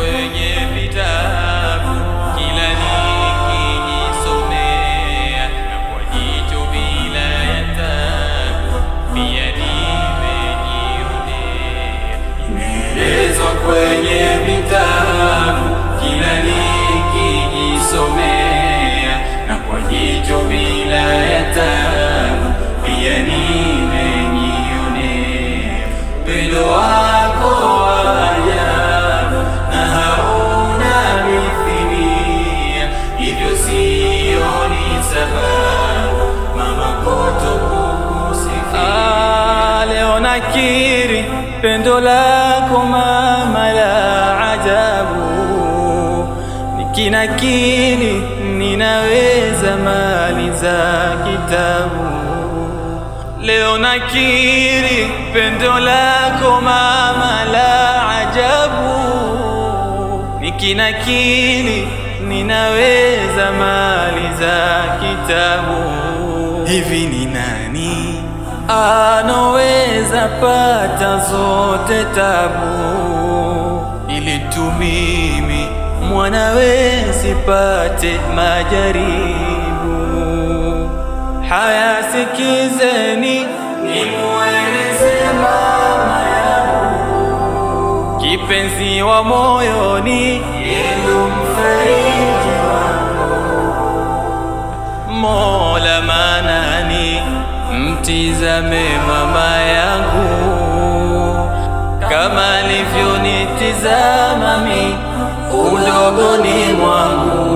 kwenye vitabu kila nikijisomea na kwa jicho bila ya tabu, pia nimejionea imeelezwa kwenye nakiri pendo lako mama la ajabu, nikinakili ninaweza mali za kitabu. Leo nakiri pendo lako mama la ajabu, nikinakili ninaweza mali za kitabu. Hivi ni nani anowe za pata zote tabu, ili tu mimi mwanawe sipate majaribu. Haya, sikizeni nimueleze mama yangu, kipenzi wa moyoni, ilu mfariji wangu, Mola manani, mtizame mama zamani udogoni mwangu